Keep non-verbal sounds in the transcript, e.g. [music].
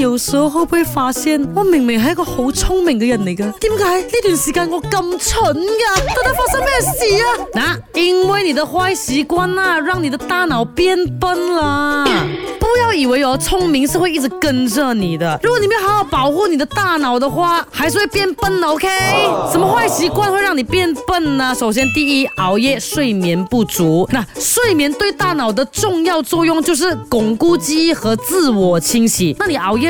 有時候會不會發現，我明明係一個好聰明嘅人嚟、那、嘅、個，點解呢段時間我咁蠢噶、啊？到底發生咩事啊？嗱，因為你的壞習慣啊，讓你的大腦變笨啦！ [coughs] 不要以為哦，聰明是會一直跟着你的，如果你沒有好好保護你的大腦的話，還是會變笨，OK？ [coughs] 什麼壞習慣會讓你變笨呢？首先，第一，熬夜，睡眠不足。那睡眠對大腦的重要作用就是鞏固記憶和自我清洗。那你熬夜？